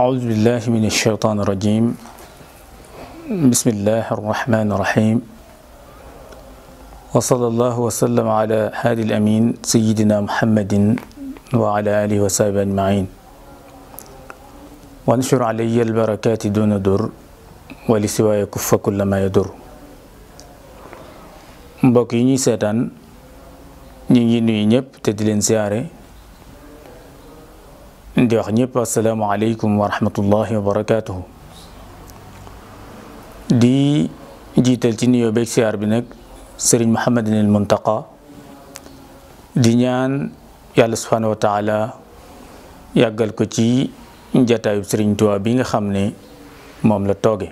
أعوذ بالله من الشيطان الرجيم بسم الله الرحمن الرحيم وصلى الله وسلم على هادي الأمين سيدنا محمد وعلى آله وصحبه أجمعين وانشر علي البركات دون در ولسواي كف كل ما يدر mbokk yi ñuy seetaan ñu ngi nuyu ñëpp te di leen siyaare di wax a asalaamaaleykum wa rahmatullahi wa barakaatuhu di jiital ci nuyoo beeg siyaar bi nag sëriñ Muhammadin al Muntaqa di ñaan yàlla subhaanahu wa taala yàggal ko ci njataayub sëriñ Tuubaa bi nga xam ne moom la tooge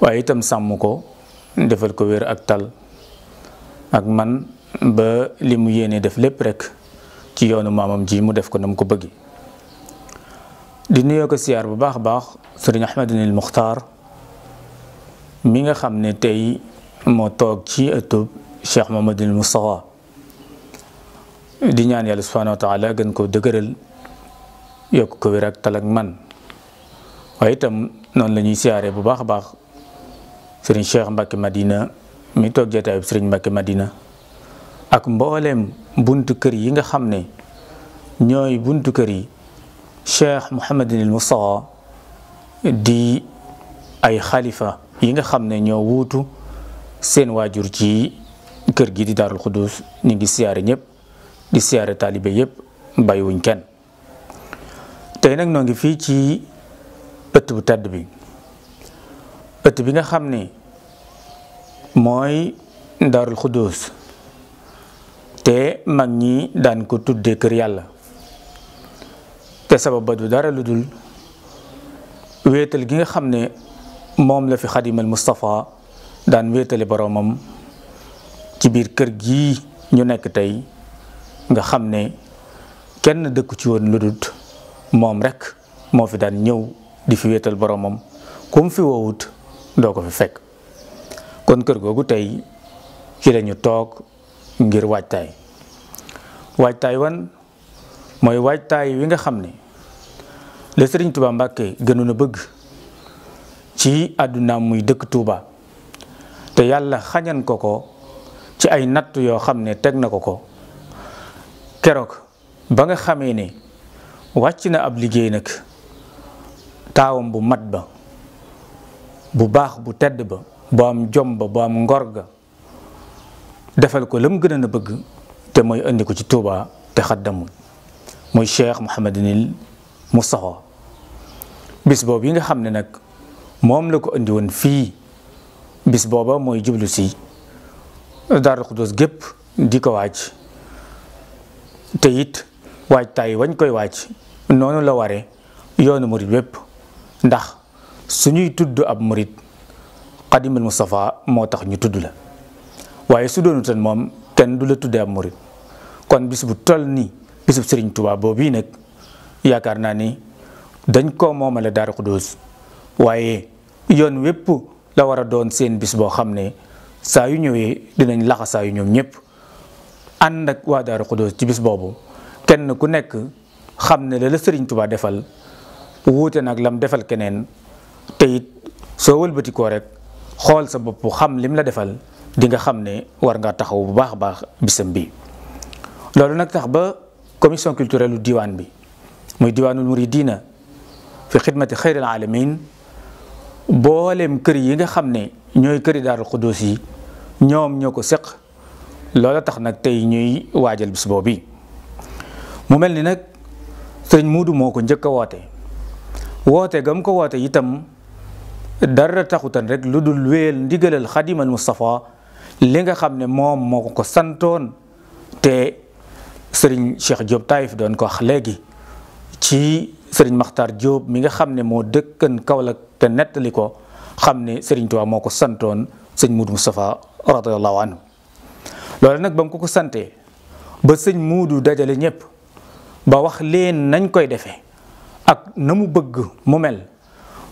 waaye itam sàmm ko defal ko wér ak tal ak man ba li mu yéene def lépp rek ci yoonu maamam ji mu def ko na mu ko bëgg di nuyoo ko siyaar bu baax a baax sëriñ Ahmadinil Muxtaar mi nga xam ne tey moo toog ci ëttub Cheikh mu Moustapha di ñaan yàlla subhaanahu wa gën koo dëgëral yokk ko wér ak man waaye itam noonu la ñuy siyaaree bu baax a baax sëriñ Cheikh Mbacke Madina mi toog jataayub sëriñ Mbacke Madina ak mboolem buntu kër yi nga xam ne ñooy buntu kër yi cheikh Mouhamadinil Moustapha di ay xalifa yi nga xam ne ñoo wuutu seen waajur ci kër gi di daarul xudus ngi siyaare ñëpp di siyaare taalibe yëpp bàyyiwuñ kenn tey nag noo ngi fii ci ëtt bu tedd bi ëtt bi nga xam ne mooy daarul xudus te mag ñi daan ko tuddee kër yàlla te sabab ba du dara lu dul wéetal gi nga xam ne moom la fi xadimal Moustapha daan wéetale boroomam ci biir kër gii ñu nekk tey nga xam ne kenn dëkku ci woon lu moom rekk moo fi daan ñëw di fi wéetal boroomam ku mu fi woowut doo ko fi fekk kon kër googu tey ci lañu toog ngir waajtaay waajtaay wan mooy waajtaay wi nga xam ne la Sëriñ Tuuba Mbàkke gënoon a bëgg ci àddunaam muy dëkk Tuuba te yàlla xañan ko ko ci ay natt yoo xam ne teg na ko ko keroog ba nga xamee ne wàcc na ab liggéey nag taawam bu mat ba bu baax bu tedd ba bu am jom ba am ngor ga defal ko la mu gën a bëgg te mooy indi ko ci Touba te xaddamul muy Cheikh mu Moustapha bis boobu yi nga xam ne nag moom la ko indi woon fii bis booba mooy jublu si Daaru Xuddoos gépp di ko waaj te it waaj taay wañ koy waaj noonu la ware yoonu murit wépp ndax suñuy tudd ab murit Xadimul Moustapha moo tax ñu tudd la waaye su doonutoon moom kenn du la tuddee ab murit kon bis bu tol nii bisub Serigne Touba boobu nag yaakaar naa ni dañ koo moomale Daaru Xudoos waaye yoon wépp la war a doon seen bis boo xam ne saa yu ñëwee dinañ laxa saa yu ñoom ñëpp ànd ak waa Daaru Xudoos ci bis boobu kenn ku nekk xam ne la la Serigne Touba defal wuute nag lam defal keneen te it soo wëlbatikoo rek xool sa bopp xam lim la defal di nga xam ne war nga taxaw bu baax a baax bisam bi loolu nag tax ba commission culturelle lu diwaan bi muy diwaanul muridina fi xidmati xayril alamin booleem kër yi nga xam ne ñooy këri daarul xudduus yi ñoom ñoo ko seq loola tax nag tey ñuy waajal bis boobu mu mel ni nag sëriñ muudu moo ko njëkk a woote woote gam ko woote itam dara taxutan rek lu dul wéyal ndigalal xadimal Mustafa li nga xam ne moom moo ko santoon te sëriñ Cheikh Diop fi doon ko wax léegi ci sëriñ Makhtar Diop mi nga xam ne moo dëkkan Kaolack te nettali ko xam ne sëriñ Tuubaa moo ko santoon sëñ Muudu Moustapha radiyallahu anhu loolu nag ba mu ko ko santee ba sëñ Muudu dajale ñépp ba wax leen nañ koy defee ak na mu bëgg mu mel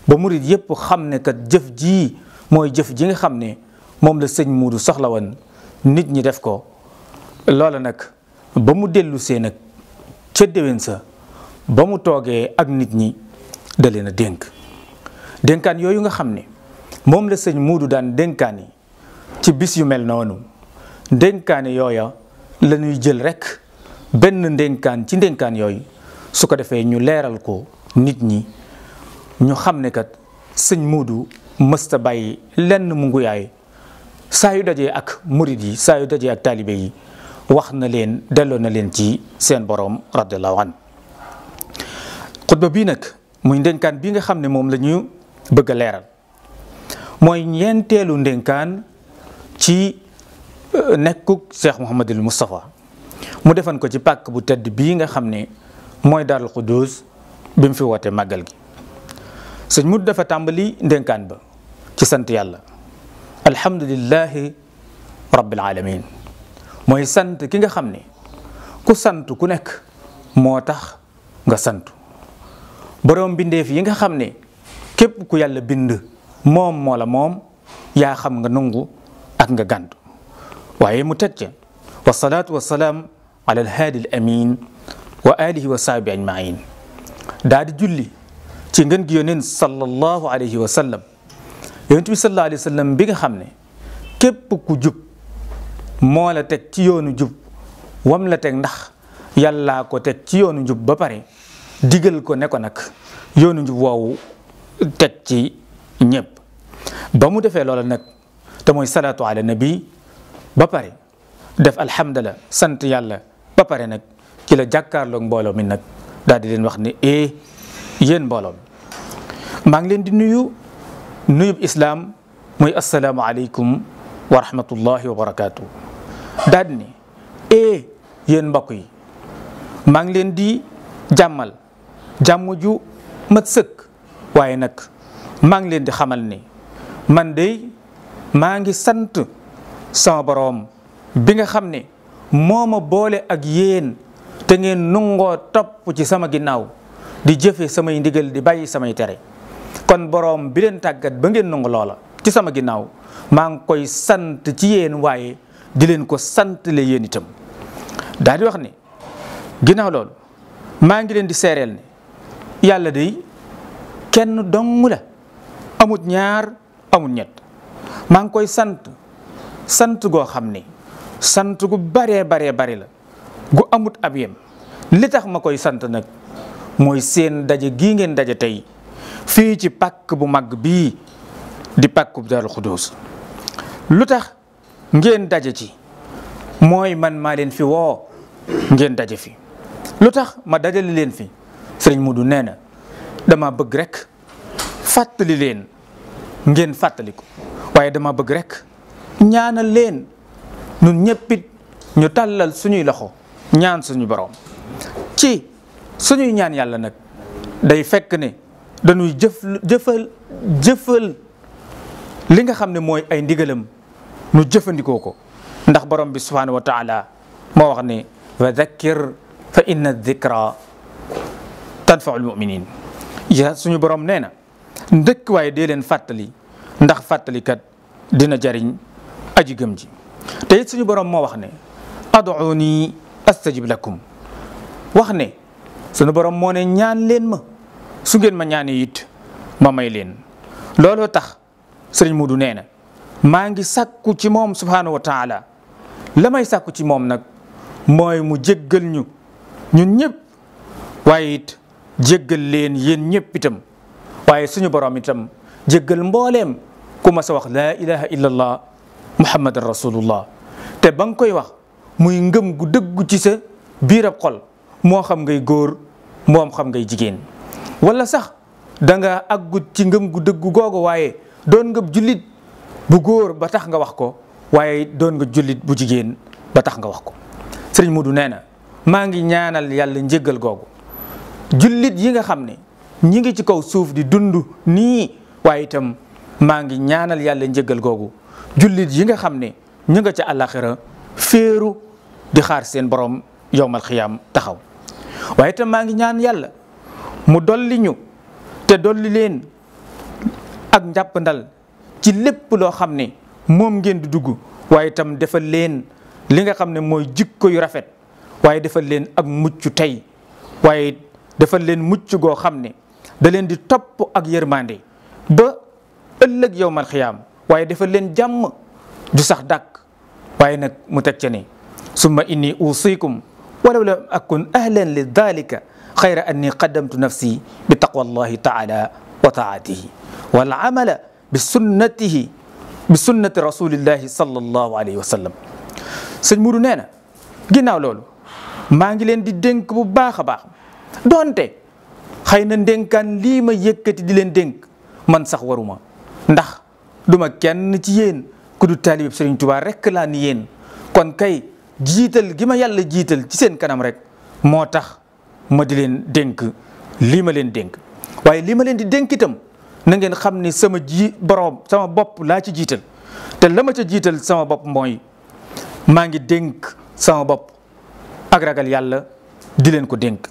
ba mu rit yépp xam ne kat jëf jii mooy jëf ji nga xam ne moom la sëñ Muudu soxla woon nit ñi def ko loola nag ba mu dellusee nag ca déwén sa ba mu toogee ak nit ñi da leen a dénk dénkaan yooyu nga xam ne moom la sëñ Muudu daan dénkaani ci bis yu mel noonu dénkaani yooya lañuy jël rekk benn ndénkaan ci ndénkaan yooyu su ko defee ñu leeral ko nit ñi ñu xam ne kat sëñ Muudu mësta bàyyi lenn mu nguyaay saa yu dajee ak murid yi saa yu dajee ak taalibe yi wax na leen delloo na leen ci seen boroom radiallahu an xutba bii nag muy ndénkaan bi nga xam ne moom lañu ñu bëgg a leeral mooy ñeenteelu ndénkaan ci euh, nekkuk Cheikh Mouhamadul Moustapha mu defan ko ci pàkk bu tëdd bi nga xam ne mooy Daarul Xuddus bi mu fi woote màggal gi sëñ mu dafa tàmbali ndénkaan ba ci sant yàlla alhamdulilahi rabbil alamin mooy sant ki nga xam ne ku sant ku nekk moo tax nga sant boroom bindeef yi nga xam ne képp ku yàlla bind moom moo moom yaa xam nga nangu ak nga gàntu waaye mu teg ca wasalaatu wasalaam ala amin wa alihi wa ajmain daa di julli ci ngën gi yoneen sallallahu alayhi wa yonent bi sallallahu alayhi wa sallam bi nga xam ne képp ku jub moo la teg ci yoonu jub wam la teg ndax yàllaa ko teg ci yoonu jub ba pare digal ko ne ko nag yoonu njub woowu teg ci ñëpp ba mu defee loola nag te mooy salaatu ala nabi ba pare def alhamdulillah sant yàlla ba pare nag ci la jàkkaarloog mbooloo mi nag daal di leen wax ni eh yéen mbooloo maa ngi leen di nuyu nuyub islaam mooy asalaamaaleykum wa rahmatullahi wa barakaatu. daal ni e yéen mbokk yi maa ngi leen di jàmmal jàmm ju mat sëkk waaye nag maa ngi leen di xamal ni man de maa ngi sant sama boroom bi nga xam ne moo boole ak yéen te ngeen nungoo topp ci sama ginnaaw di jëfe samay ndigal di bàyyi samay tere kon boroom bileen tàggat ba ngeen nangu loola ci sama ginnaaw maa ngi koy sant ci yéen waaye di leen ko sant le yéen itam daal di wax ni ginnaaw loolu maa ngi leen di seereel ni yàlla day kenn dong la amut ñaar amut ñett maa ngi koy sant sant goo xam ni sant gu baree baree bari la gu amut ab yem li tax ma koy sant nag mooy seen daje gii ngeen daje tey fii ci pakk bu mag bii di pàkk bu Daaru Xudoos lu tax ngeen daje ci mooy man maa leen fi woo ngeen daje fi lu tax ma dajale leen fi sëriñ Mudu nee na dama bëgg rek fàttali leen ngeen ko waaye dama bëgg rek ñaana leen ñun ñëppit ñu tàllal suñuy loxo ñaan suñu boroom ci suñuy ñaan yàlla nag day fekk ne dañuy jëf jëfal jëfal li nga xam ne mooy ay ndigalam nu jëfandikoo ko ndax borom bi subhanahu wa taala moo wax ne wa dakkir fa inna dikra tanfaul muminin ya suñu borom nee na ndëkk waaye dee leen fàttali ndax fàttalikat dina jariñ aji gëm ji te suñu borom moo wax ne aduuni astajib lakum wax ne suñu borom moo ne leen ma su ngeen ma ñaanee it ma may leen looloo tax sëriñ Mudu nee na maa ngi sàkku ci moom subhaanahu wa la may sàkku ci moom nag mooy mu jéggal ñu ñun ñëpp waaye it jéggal leen yéen ñëpp itam waaye suñu borom itam jéggal mbooleem ku ma sa wax laa ilaha illallah muhammadan rasulullah te ba nga koy wax muy ngëm gu dëggu ci sa biir ab xol moo xam ngay góor moom xam ngay jigéen wala sax danga nga aggut ci ngëm gu dëggu googu waaye doon nga jullit bu góor ba tax nga wax ko waaye doon nga jullit bu jigéen ba tax nga wax ko sëriñ Mudu nee na maa ngi ñaanal yàlla njéggal googu jullit yi nga xam ne ñi ngi ci kaw suuf di dund nii waaye itam maa ngi ñaanal yàlla njéggal googu jullit yi nga xam ne ñu nga ci àllaaxira féeru di xaar seen boroom yowmal xiyaam taxaw waaye itam maa ngi ñaan yàlla mu dolli ñu te dolli leen ak njàppandal ci lépp loo xam ne moom ngeen di dugg waaye itam defal leen li nga xam ne mooy jikko yu rafet waaye defal leen ak mucc tey waaye defal leen mucc goo xam ne da leen di topp ak yërmande ba ëllëg yowmal xiyaam waaye defal leen jàmm ju sax dàkk waaye nag mu teg ca ne summa inni usikum walaw lam akun ahlan li dalika xayra anni qaddamtu nafsi bi taqwallahi taala wa taatihi wal amala bi sunnatihi bi sunnati rasulillahi sallallahu alayhi wa sallam sëñ Mudu nee ginnaaw loolu maa ngi leen di dénk bu baax a baax doonte xëy na ndénkaan lii ma yëkkati di leen dénk man sax waruma ndax duma kenn ci yéen ku du taalib Sëriñ Tuubaa rekk laa ni yéen kon kay jiital gima ma yàlla jiital ci seen kanam rek moo tax ma di leen dénk lii ma leen dénk waaye lii ma leen di dénk itam na ngeen xam ni sama ji boroom sama bopp laa ci jiital te la ma ca jiital sama bopp mooy maa ngi dénk sama bopp ak ragal yàlla di leen ko dénk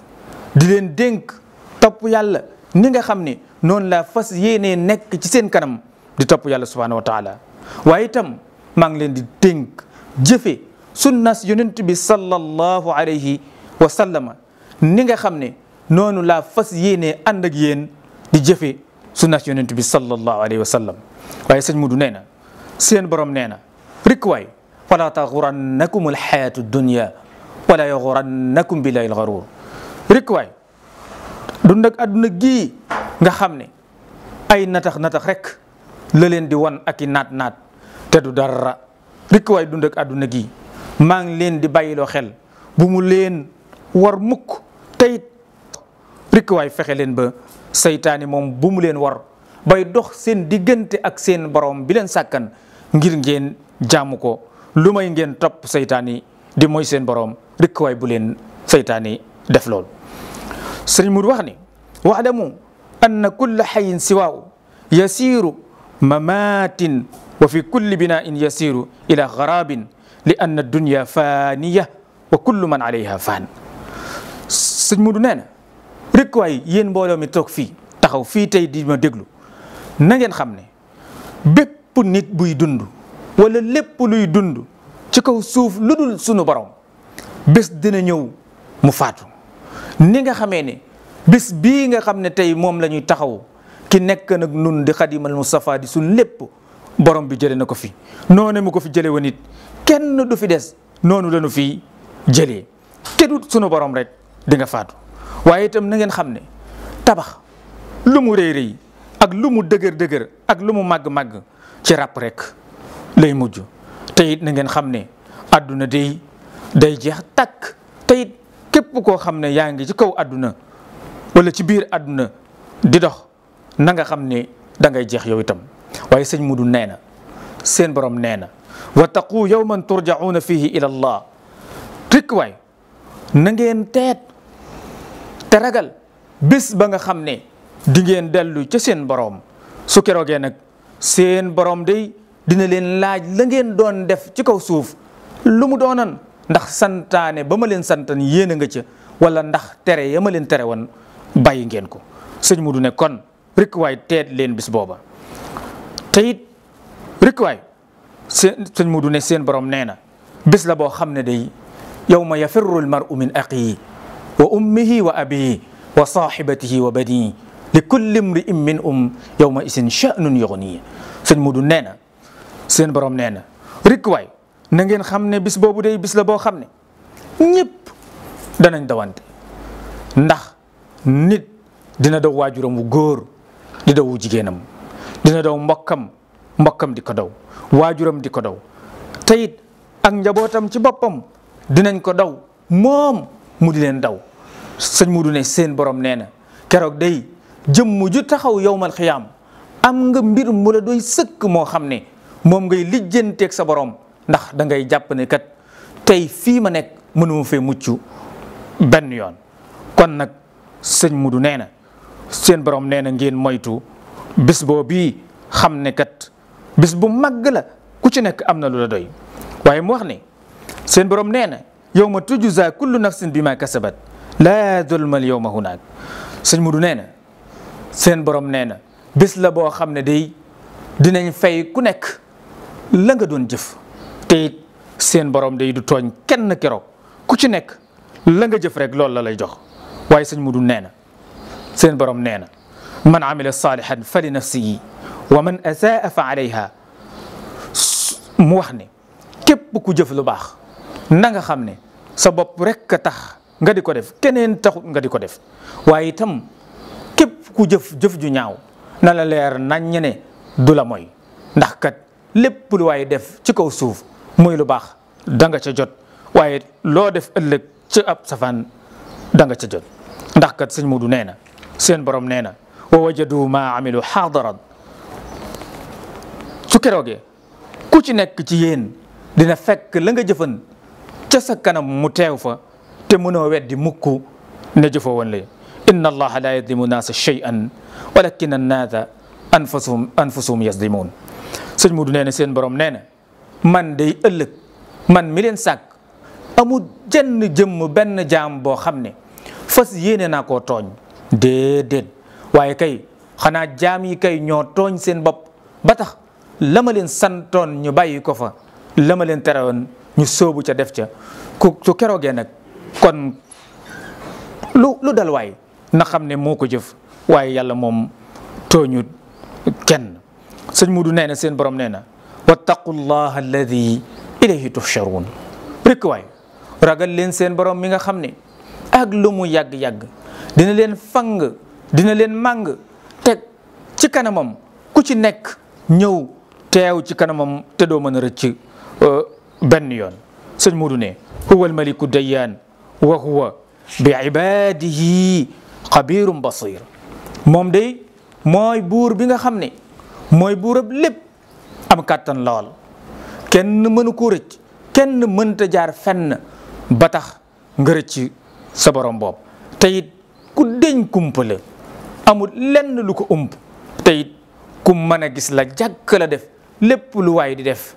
di leen dénk topp yàlla ni nga xam ne noonu laa fas yéenee nekk ci seen kanam di topp yàlla subhaanahu wa waaye itam maa ngi leen di dénk jëfe sunnas yonent bi sallallahu alayhi wa sallama ni nga xam ne noonu laa fas yéenee ànd ak yéen di jëfe sunnas yonent bi sallallahu alayhi wa waaye sëñ Mudu nee na seen borom nee na rikk waay wala taxurannakum alxayatu dunya wala yaxurannakum billahi alxarur rikk waay dund ak adduna gii nga xam ne ay natax natax rek la leen di wan ak i naat naat te du dara rikk waay dund ak adduna gii maa ngi leen di bàyyiloo xel bu mu leen war mukk rikk waay fexe leen ba saytaani moom bu mu leen war bay dox seen diggante ak seen borom bi leen sàkkan ngir ngeen jaamu ko lu may ngeen topp saytaani di moy seen borom rikk waay bu leen saytaani def lool sëriñ mur wax ni waxdamu anna kulla xayin siwaaw yasiiru mamaatin wa fi kulli binaain yasiiru ila xaraabin li anna dunya faaniya wa kullu man alayha faan sëriñ mudu nee rek waay yéen mbooloo mi toog fii taxaw fii tey di ma déglu nangeen xam ne bépp nit buy dund wala lépp luy dund ci kaw suuf lu dul sunu borom bés dina ñëw mu faatu ni nga xamee ne bés bii nga xam ne tey moom la ñuy taxaw ki nekk nag nun di xadimal Mustafa di suñ lépp borom bi jëlee na ko fi noonu mu ko fi jëlee woon it kenn du fi des noonu la ñu fi jëlee te sunu borom rek di faatu. waaye itam na ngeen xam ne tabax lu mu rëy ak lu mu dëgër dëgër ak lu mu màgg màgg ci ràpp rek lay mujj te it na ngeen xam ne àdduna day day jeex takk te it képp koo xam ne yaa ngi ci kaw àdduna walla ci biir àdduna di dox na nga xam ne dangay jeex yow itam waaye sëñ mudu nee na seen borom nee na wattaqu yawman turjauna fihi ila allah rikk waay na ngeen teet te ragal bés ba nga xam ne di ngeen dellu ca seen boroom su keroogee nag seen boroom day dina leen laaj la ngeen doon def ci kaw suuf lu mu doonan ndax santaane ba ma leen santan yéen a nga ca wala ndax tere ya ma leen tere woon bay ngeen ko sëñ mu ne kon rek teet leen bis booba te it rek seen sëñ mu ne seen borom nee na bés la boo xam ne day yow ma yafirrul mar'u min axiihi wa ummihi wa abihi wa sahibatihi wa banii li kulli imri'in minhum yawma isin sha'nun yughnihi sëñ Mudu nee na seen borom nee na rikk waay na ngeen xam ne bis boobu day bis la boo xam ne ñëpp danañ dawante ndax nit dina daw waajuram wu góor di daw wu jigéenam dina daw mbokkam mbokkam di ko daw waajuram di ko daw teyit ak njabootam ci boppam dinañ ko daw moom mu di leen daw sëñ Mudu ne seen borom nee na keroog day jëmm ju taxaw yowmal xiyaam am nga mbir mu la doy sëkk moo xam ne moom ngay lijjanteek sa borom ndax da ngay jàpp ne kat tey fii ma nekk mënuma fee mucc benn yoon kon nag sëñ Mudu nee na seen borom nee na ngeen moytu bis boo bii xam ne kat bis bu màgg la ku ci nekk am na lu la doy waaye mu wax ne seen borom nee na yow ma yawma tujza kullu nafsin bima kasabat la zulma al yawma hunaak sëñ Mudu nee na seen borom nee na bés la boo xam ne day dinañ fay ku nekk la doon jëf te seen borom day du tooñ kenn keroog ku ci nekk la nga jëf rek loolu la lay jox waaye sëñ Mudu nee na seen borom nee na man amila saalihan fa li nafsihi wa man asaa fa alayha mu wax ne képp ku jëf lu baax na nga xam ne sa bopp rek a tax nga di ko def keneen taxut nga di ko def waaye itam képp ku jëf jëf ju ñaaw na la leer naññ ne du la mooy ndax kat lépp lu waaye def ci kaw suuf muy lu baax danga ca jot waaye loo def ëllëg ci ab safaan da nga ca jot ndax kat sëñ Mudu nee na seen borom nee na wa wajadu maa amilu xaadaran su keroogee ku ci nekk ci yéen dina fekk la jëfan ca sa kanam mu teew fa te mënoo weddi mukk ne jëfoo woon lay inna allaha la yadlimu naasa shay'an walakin annaasa anfusum anfusum yazlimun sëñ Mudu nee na seen borom nee na man day ëllëg man mi leen sàkk amul jenn jëmm benn jaam boo xam ne fas yéene naa koo tooñ déedéet waaye kay xanaa jaam yi kay ñoo tooñ seen bopp batax tax la ma leen santoon ñu bàyyi ko fa la ma ñu sóobu ca def ca ku su keroogee nag kon lu lu dal waay na xam ne moo ko jëf waaye yàlla moom tooñut kenn sëñ Mudu nee na seen borom nee na wattaqullaha alladi ilayhi tuhsharuun rek waay ragal leen seen borom mi nga xam ne ak lu mu yàgg-yàgg dina leen fang dina leen màng teg ci kanamam ku ci nekk ñëw teew ci kanamam te doo mën a rëcc euh, benn yoon sëñ Moodu ne huwa almaliku dayyaan wa huwa bi ibaadihi xabiirum basir moom day mooy buur bi nga xam ne mooy buurab lépp am kàttan lool kenn mënu ko rëcc kenn mënta jaar fenn ba tax nga rëcc sa borom boobu te ku deñ kumpale amul lenn lu ko ump te it ku mën a gis la jàkk la def lépp lu waay di def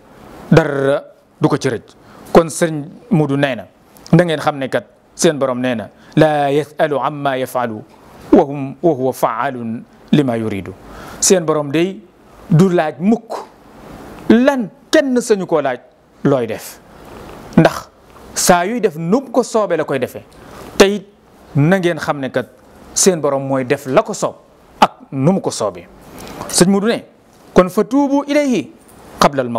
dara du ko ci rëcc kon sëriñ Mudu nee na da ngeen xam ne kat seen borom nee na laa yasalu amma yafalu wa hum wa huwa faalun lima yuridu seen borom day du laaj mukk lan kenn sañu koo laaj looy def ndax saa yuy def nub ko soobe la koy defee te it na ngeen xam ne kat seen borom mooy def la ko soob ak nu ko soobe sëñ Mudu ne kon fa tuubu ilayhi qabla al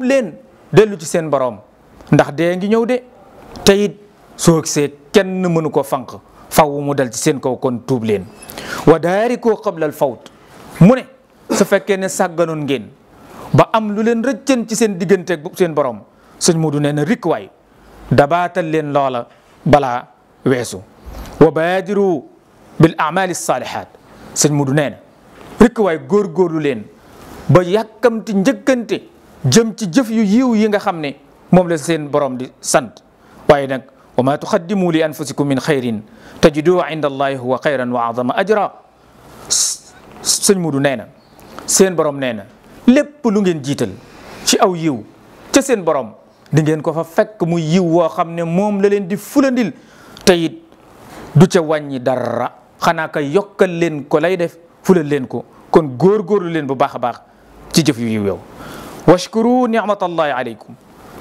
tuub leen dellu ci seen boroom ndax dee ngi ñëw de te it soo gisee kenn mënu ko fanq faw mu dal ci seen kaw kon tuub leen wa daarikoo qabla al fawt mu ne su fekkee ne sàgganoon ngeen ba am lu leen rëccën ci seen diggante ak seen borom sëñ Moodu nee na rikk waay dabaatal leen loola bala weesu wa baadiru bil amali saalihaat sëñ Moodu nee na rikk waay góorgóorlu leen ba yàkkamti njëkkante jëm ci jëf yu yiw yi nga xam ne moom la seen borom di sant waaye nag wa ma tuqaddimu li anfusikum min xayrin tajidu inda allahi huwa xayran wa azama ajra sëñ mudu nee na seen borom nee na lépp lu ngeen jiital ci aw yiw ca seen borom di ngeen ko fa fekk mu yiw woo xam ne moom la leen di fulandil te it du ce wàññi dara xanaa ka yokkal leen ko lay def fule leen ko kon góorgóorlu leen bu baax a baax ci jëf yu yiw yow washkuru ni'matallahi aleykum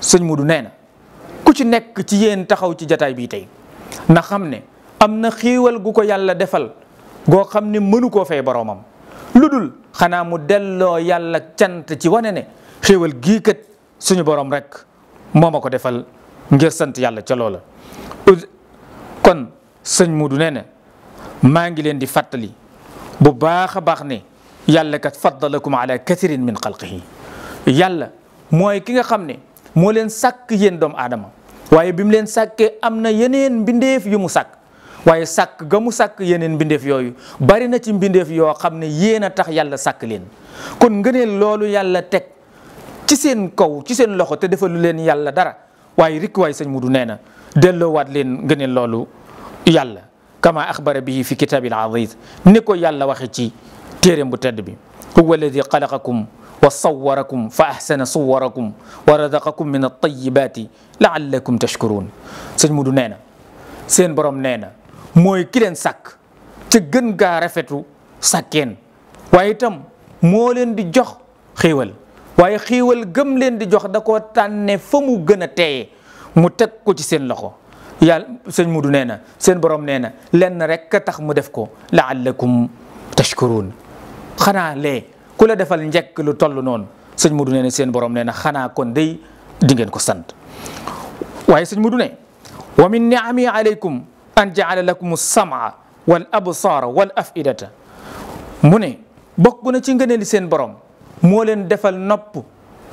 sëñ Mudu nee na ku ci nekk ci yéen taxaw ci jataay bii tey na xam ne am na xiiwal gu ko yàlla defal goo xam ne mënu koo fay boroomam lu dul xanaa mu delloo yàlla cant ci wane ne xéewal gii kat suñu boroom rek moo ma ko defal ngir sant yàlla ca loola kon sëñ Mudu nee na maa ngi leen di fàttali bu baax a baax ne yàlla kat faddalakum ala kathirin min xalqihi yàlla mooy ki nga xam ne moo leen sàkk yéen doomu aadama waaye bi mu leen sàkkee am na yeneen mbindeef yu mu sàkk waaye sàkk gamu mu sàkk yeneen mbindeef yooyu bari na ci mbindeef yoo xam ne yéen a tax yàlla sàkk leen kon ngëneel loolu yàlla teg ci seen kaw ci seen loxo te defalu leen yàlla dara waaye rikk waay sëñ Mudu nee na delloowaat leen ngëneel loolu yàlla kama axbara bihi fi kitaabil aziz ni ko yàlla waxe ci téeréem bu tedd bi huwa alladi xalaqakum wa sawarakum fa ahsana suwarakum wa razaqakum min at-tayyibati laallakum tashkurun sëñ Mudu nee na seen borom nee na mooy ki leen sàkk ca gën gaa rafetu sàkkeen waaye itam moo leen di jox xéewal waaye xéewal gëm leen di jox da koo tànne fa mu gën a teeye mu teg ko ci seen loxo yàlla sëñ Mudu nee na seen borom nee na lenn rek a tax mu def ko laallakum tashkurun xanaa lee ku la defal njekk lu toll noonu sëñ Mudu nee seen borom nee na xanaa kon day dingeen ko sant waaye sëñ Mudu ne wa min niami alaykum an jaala lakum samaa wal absaara wal afidata mu ne bokk na ci ngëneeli seen borom moo leen defal nopp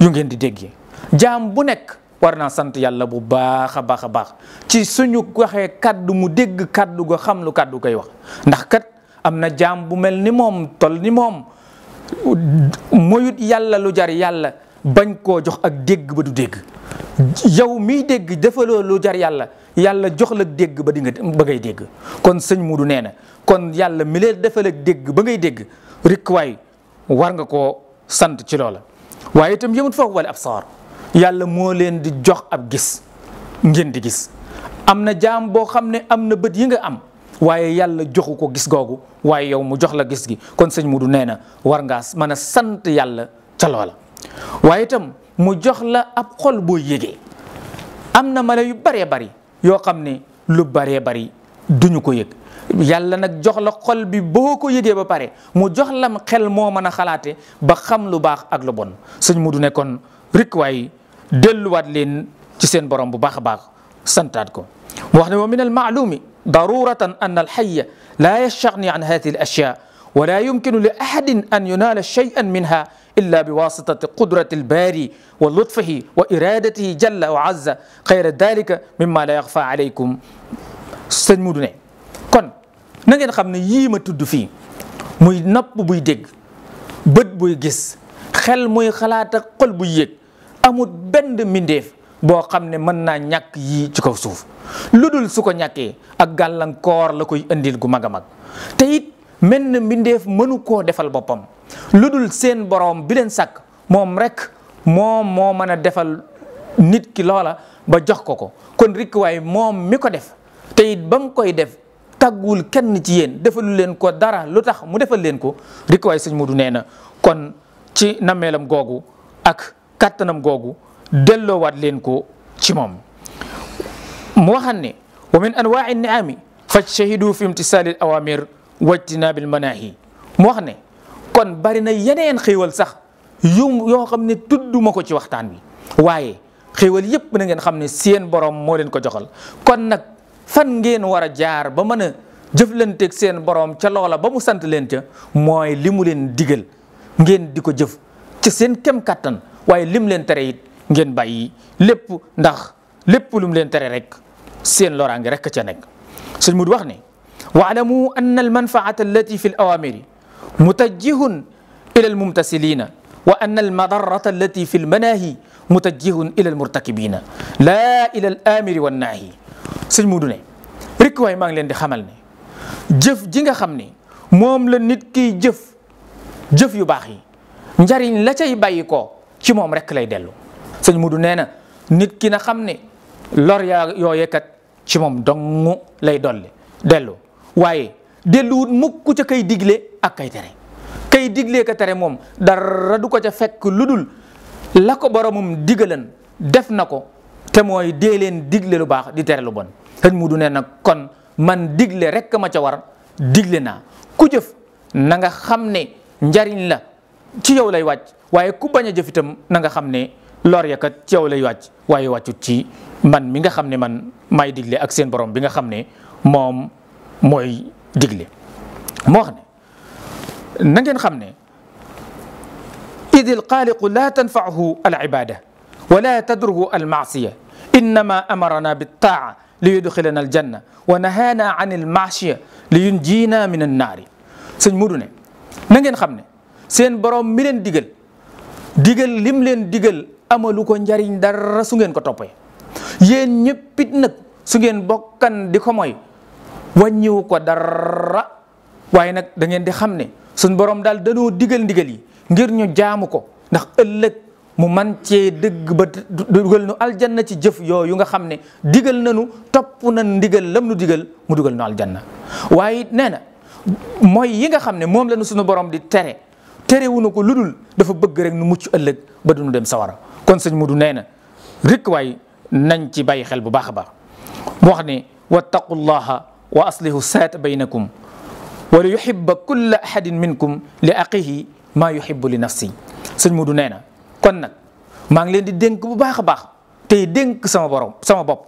yu ngeen di déggee jaam bu nekk war naa sant yàlla bu baax a baax a baax ci suñu waxee kaddu mu dégg kaddu ga xam lu koy wax ndax kat am na jaam bu mel ni moom tol ni moom moyut yàlla lu jar yàlla bañ koo jox ak dégg ba du dégg yow miy dégg defaloo lu jar yàlla yàlla jox la dégg ba di nga ba ngay dégg kon sëñ Mudu nee na kon yàlla mi defal dégg ba ngay dégg rek waay war nga koo sant ci loola waaye itam yëmut foofu wala absaar yàlla moo leen di jox ab gis ngeen di gis am na jaam boo xam ne am na bët yi nga am waaye yàlla joxu ko gis googu waaye yow mu jox la gis gi kon sëñ Mudu nee na war ngaa mën a sant yàlla ca loola waaye itam mu jox la ab xol boo yégee am na mala yu baree bari yoo xam ne lu baree bari duñu ko yëg yàlla nag jox la xol bi boo ko yégee ba pare mu jox lam xel moo mën a xalaate ba xam lu baax ak lu bon sëñ Mudu ne kon rikk waay delluwaat leen ci seen borom bu baax a baax santaat ko mu wax ne wa min maalumi ضرورة أن الحي لا يستغني عن هذه الأشياء ولا يمكن لأحد أن ينال شيئا منها إلا بواسطة قدرة الباري ولطفه وإرادته جل وعز غير ذلك مما لا يخفى عليكم sëñ Modou ne kon na ngeen xam ne yii ma tudd fii muy nopp buy dégg bët buy gis xel muy xalaat ak xol buy yëg amul benn mbindeef boo xam ne mën naa ñàkk yii ci kaw suuf lu dul su ko ñàkkee ak gàllankoor la koy indil gu mag a mag te it mel na mbindeef mënu koo defal boppam lu dul seen boroom bi leen sàkk moom rekk moom moo mën a defal nit ki loola ba jox ko ko kon rikkiwaay moom mi ko def te it ba mu koy def tàgguwul kenn ci yéen defalu leen ko dara lu tax mu defal leen ko rikkiwaay sëñ Modou nee na kon ci nammeelam googu ak kàttanam googu delloowaat leen ko ci moom mu waxan ne wa min anwaai niami fajtahidu fi imtisaali al awamir wa ijtinaabi al manaahi mu wax ne kon bari na yeneen xéewal sax yu yoo xam ne tudduma ko ci waxtaan wi waaye xéewal yépp na ngeen xam ne seen borom moo leen ko joxal kon nag fan ngeen war a jaar ba mën a jëflanteeg seen borom ca loola ba mu sant leen ca mooy li mu leen digal ngeen di ko jëf ci seen kem kattan waaye limu leen tere it ngeen bàyyi lépp ndax lépp lum leen tere rek seen loraange rek ca nekk sëñ Mud wax ne waa waalamu anna almanfaata allati fi alawamiri mutajjihun ila almumtasilina wa anna almadarata allati fi almanahi mutajjihun ila almurtakibina laa ila alamiri wannaahi sëñ Mud ne rek waaye maa ngi leen di xamal ne jëf ji nga xam ne moom la nit ki jëf jëf yu baax yi njariñ la cay bàyyi ko ci moom rek lay dellu sëñ Mudu nee na nit ki na xam ne lor yaa kat ci moom dong lay dolli dellu waaye delluwut mukk ca kay digle ak kay tere kay diglee ka tere moom dara du ko ca fekk lu dul la ko boromum digalan def na ko te mooy dee leen digle lu baax di tere lu bon sëñ Mudu nee na kon man digle rek ma ca war digle naa ku jëf na nga xam ne njariñ la ci yow lay wàcc waaye ku bañ a jëf na nga xam ne lor ya kat ci yow lay wàcc waaye ci man mi nga xam ne man maay digle ak seen borom bi nga xam ne moom mooy digle moo wax ne na ngeen xam ne id alxaaliqu la tanfaahu alibada wala tadruhu almaasiya innama amarana biltaa li yudxilana aljanna wa nahaana an almaasiya li yunjina min annaari sëñ mudu ne na ngeen xam ne seen borom mi leen amalu ko njariñ dara su ngeen ko toppee yéen ñëppit nag su ngeen bokkan di ko mooy wàññiwu ko dara waaye nag dangeen di xam ne suñ borom daal danoo digal ndigal yi ngir ñu jaamu ko ndax ëllëg mu man cee dëgg ba dugal nu aljanna ci jëf yooyu nga xam ne digal nanu topp na ndigal lam nu digal mu dugal nu aljanna waaye nee na mooy yi nga xam ne moom la nu suñu borom di tere terewunu ko lu dul dafa bëgg rek nu mucc ëllëg ba duñu dem sawara kon sëñ Mudu nee na rikk waay nañ ci bàyyi xel bu baax a baax mu wax ne wattaqullaha wa aslihu saata baynakum wa li yuhibba kulla ahadin minkum li aqihi maa yuhibbu li nafsi sëñ Mudu nee na kon nag maa ngi leen di dénk bu baax a baax tey dénk sama borom sama bopp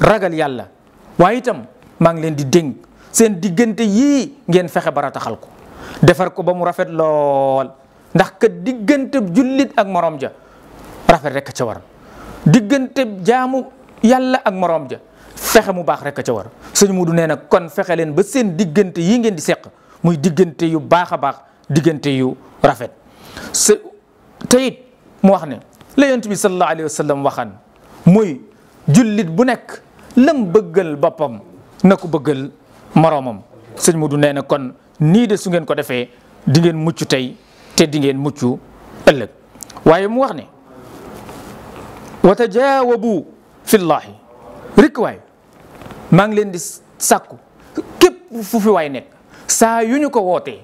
ragal yàlla waaye itam maa ngi leen di dénk seen diggante yii ngeen fexe ba rataxal ko defar ko ba mu rafet lool ndax ka diggante jullit ak morom ja rafet rek ca war diggante jaamu yàlla ak moroom ja fexe mu baax rek ca war sëñ Mudu nee na kon fexe leen ba seen diggante yi ngeen di seq muy diggante yu baax a baax diggante yu rafet se te mu wax ne la yonent bi sallallahu alayhi wa sallam waxan muy jullit bu nekk lam bëggal boppam na ko bëggal moroomam sëñ Mudu nee na kon nii de su ngeen ko defee di ngeen mucc tey te di ngeen mucc ëllëg waaye mu wax ne wa tajaawabu fillaahi rek waay maa ngi leen di sàkku képp fu fi waay nekk saa yu ñu ko woote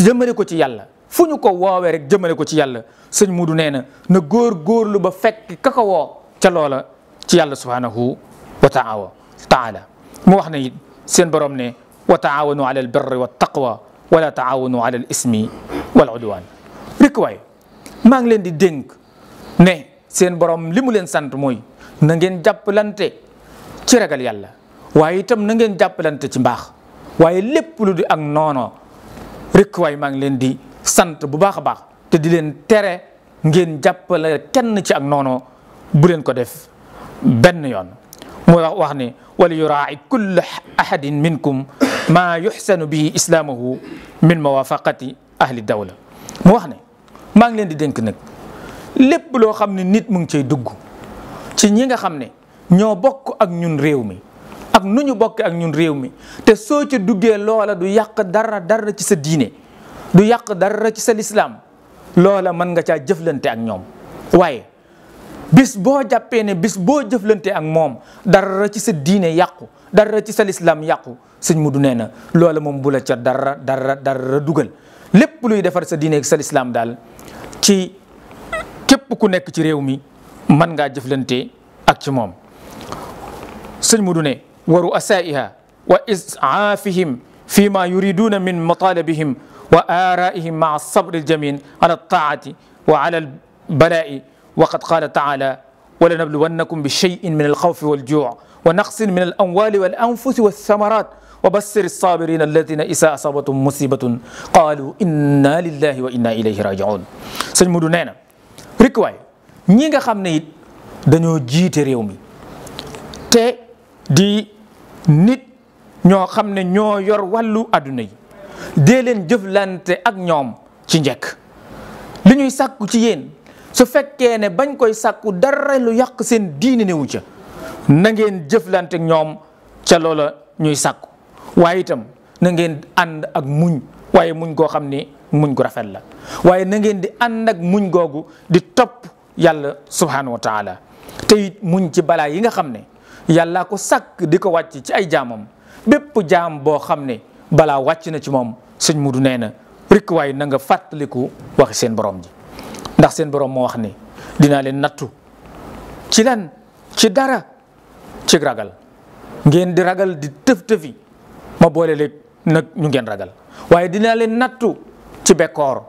jëmale ko ci yàlla fu ñu ko woowee rek jëmale ko ci yàlla sëñ Mudu nee na na góor lu ba fekk ka ko woo ca loola ci yàlla subhaanahu wa taawa taala mu wax na it seen borom ne wa taawanu ala albirri wa taqwa wala taawanu ala al ismi wal udwan rek waay maa leen di dénk ne seen borom li mu leen sant mooy nangeen ngeen jàppalante ci ragal yàlla waaye itam na ngeen jàppalante ci mbaax waaye lépp lu di ak noono rek waaye maa ngi leen di sant bu baax a baax te di leen tere ngeen jàppale kenn ci ak noono bu leen ko def benn yoon mu wax ne wal yuraai kullu ahadin minkum maa yuxsanu bihi islaamuhu min mawafaqati ahli dawla mu wax ne maa ngi leen di dénk nag lépp loo xam ne nit mu ngi cay dugg ci ñi nga xam ne ñoo bokk ak ñun réew mi ak nu ñu bokk ak ñun réew mi te soo ca duggee loola du yàq dara dara ci sa diine du yàq dara ci sa lislaam loola mën nga caa jëflante ak ñoom waaye bis boo jàppee ne bis boo jëflante ak moom dara ci sa diine yàqu dara ci sa lislaam yàqu sëñ mu du nee na loola moom bu la ca dara dara dara dugal lépp luy defar sa diine ak sa lislaam daal képp ku nekk ci réew mi man ngaa jëflante ak ci moom sëñ mu du ne waru asaiha wa isaafihim fi ma yuriduna min matalabihim wa araihim maa sabri aljamin ala altaati wa ala albalai wa qad qala taala ولنبلونكم بشيء من الخوف والجوع ونقص من الأموال والأنفس والثمرات وبشر الصابرين الذين إذا أصابتهم مصيبة قالوا إنا لله وإنا إليه راجعون sëñ Mudu nee na rikk waay ñi nga xam ne it dañoo jiite réew mi te di nit ñoo xam ne ñoo yor wàllu àdduna yi dee leen jëflante ak ñoom ci njëkk li ñuy sàkku ci yéen su fekkee ne bañ koy sàkku dara lu yàq seen diine newu ca na ngeen jëflante ak ñoom ca loola ñuy sàkku waaye itam na ngeen ànd ak muñ waaye muñ koo xam ne muñ gu rafet la waaye na ngeen di ànd ak muñ googu di topp yàlla subhanahu wa taala te muñ ci balaa yi nga xam ne yàllaa ko sàkk di ko wàcc ci ay jaamam bépp jaam boo xam ne balaa wàcc na ci moom sëñ mudu nee na rikk waaye na nga fàttaliku waxi seen borom ji ndax seen borom moo wax ni dinaa leen nattu ci lan ci dara ci ragal ngeen di ragal di tëf-tëfi ma boole léeg nag ñu ngeen ragal waaye dinaa leen nattu ci bekoor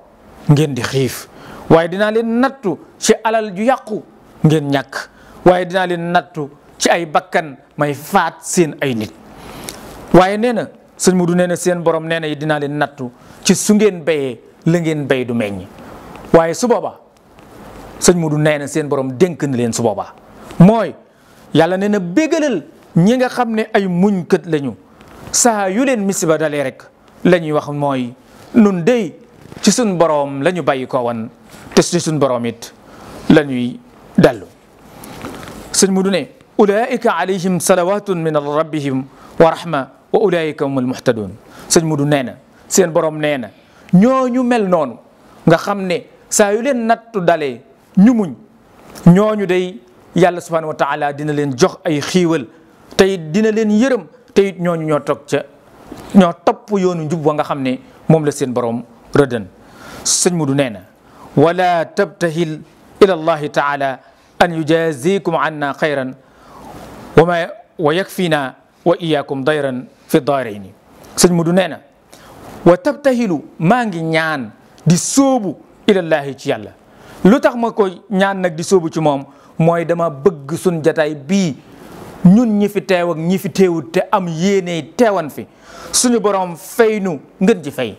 ngeen di xiif waaye dinaa leen nattu ci alal ju yàqu ngeen ñàkk waaye dinaa leen nattu ci ay bakkan may faat seen ay nit waaye nee na sëñ Mudu nee seen borom nee na yi dinaa leen nattu ci su ngeen béyee la ngeen béy du meññ waaye su boobaa sëñ Mudu nee seen borom dénk na leen su boobaa mooy yàlla nee na bégalal ñi nga xam ne ay muñkat lañu saa yu leen misiba dalee rek lañuy wax mooy nun dey ci suñ boroom lañu ñu bàyyi ko woon te ci suñ boroom lañuy la ñuy dellu sëñ mu du ne ulaika alayhim salawatun min rabbihim wa rahma wa ulaika humul muhtadun sëñ mu du nee na seen boroom nee na ñooñu mel noonu nga xam ne saa leen nattu dale ñu muñ ñooñu day yàlla subhanahu wa dina leen jox ay xiiwal te dina leen yërëm te ñooñu ñoo ca ñoo topp yoonu njub wa nga xam ne moom la seen boroom rëddan sëñ Mudu nee na wala tabtahil ila allahi taala an yujazikum anna xayran wa ma wa yakfina wa iyakum dayran fi daarayni sëñ Mudu nee na wa tabtahilu maa ngi ñaan di soobu ilallahi ci yàlla lu tax ma ko ñaan nag di soobu ci moom mooy dama bëgg sun jataay bii ñun ñi fi teew ak ñi fi teewut te am yéene teewan fi suñu borom fay nu ji ci fay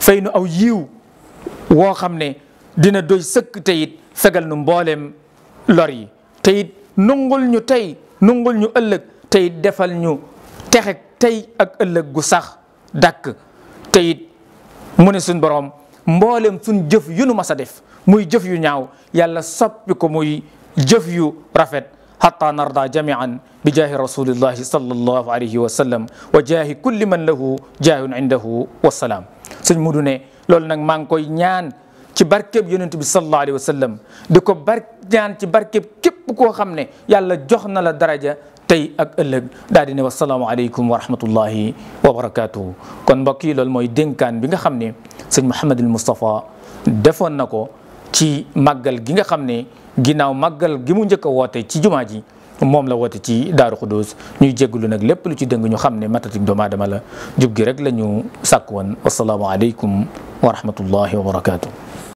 fay nu aw yiw woo xam ne dina doy sëkk te it fegal nu mbooleem lor yi te it nungul ñu tey nungul ñu ëllëg te defal ñu texe tey ak ëllëg gu sax dàkk te it mu ne suñ boroom mboolem suñ jëf yu nu mas a def muy jëf yu ñaaw yàlla soppi ko muy jëf yu rafet xata narda jamian bi jaahi rasulillahi sallallahu alayhi wa sallam wa jaahi kulli man lahu jaahun indahu wasalaam sëñ Mudu ne loolu nag maa ngi koy ñaan ci barkeb yonent bi sallallahu alayhi wa sallam di ko bar ñaan ci barkeb képp koo xam ne yàlla jox na la daraja tey ak ëllëg daal di ne wasalaamaaleykum wa rahmatullahi wa barakaatu. kon mbokk yi loolu mooy dénkaan bi nga xam ne sëñ Mouhamadul Moustapha defoon na ko ci màggal gi nga xam ne ginnaaw màggal gi mu njëkk woote ci jumaa ji. moom la woote ci Daaru Xuddoos ñuy jégalu nag lépp lu ci dëng ñu xam ne matatik doomu aadama la jub gi rek la ñu sàkk woon wasalaamualeykum wa rahmatullahi wa barakaatu.